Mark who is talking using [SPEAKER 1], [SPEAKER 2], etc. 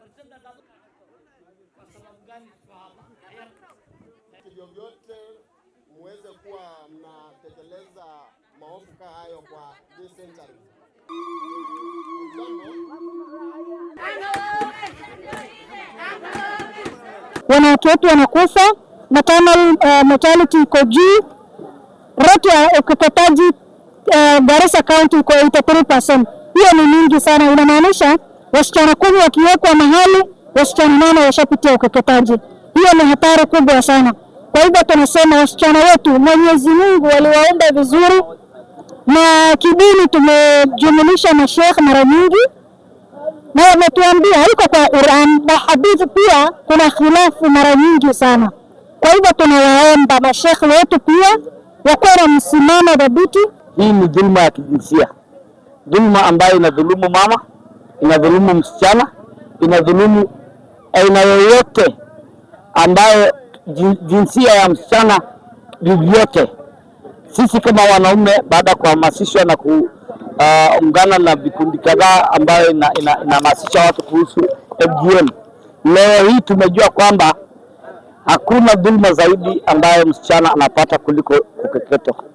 [SPEAKER 1] Kwa sababu gani tuko hapa? muweze kuwa mnatekeleza maovu kama hayo kwa this century. wanawake wetu wanakufa, maternal uh, mortality iko juu, rate ya ukopaji eh, Garissa County iko 83%. Hiyo ni nyingi sana, inamaanisha wasichana kumi wakiwekwa mahali, wasichana nane washapitia ukeketaji. Hiyo ni hatari kubwa sana. Kwa hivyo tunasema wasichana wetu Mwenyezi Mungu waliwaumba vizuri, na kidini tumejumulisha mashekh mara nyingi, na wametuambia iko kwa Qur'an na hadithi pia, kuna khilafu mara nyingi sana. Kwa hivyo tunawaomba mashekhe wetu pia wakuwa na msimamo dhabiti.
[SPEAKER 2] Hii ni dhulma ya kijinsia, dhulma ambayo inadhulumu mama inadhulumu msichana, inadhulumu aina yoyote ambayo jinsia ya msichana vyovyote. Sisi kama wanaume, baada ya kuhamasishwa na kuungana uh, na vikundi kadhaa ambayo inahamasisha ina, watu kuhusu FGM, leo hii tumejua kwamba hakuna dhulma zaidi ambayo msichana anapata kuliko kukeketwa.